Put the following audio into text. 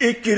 Η κυρία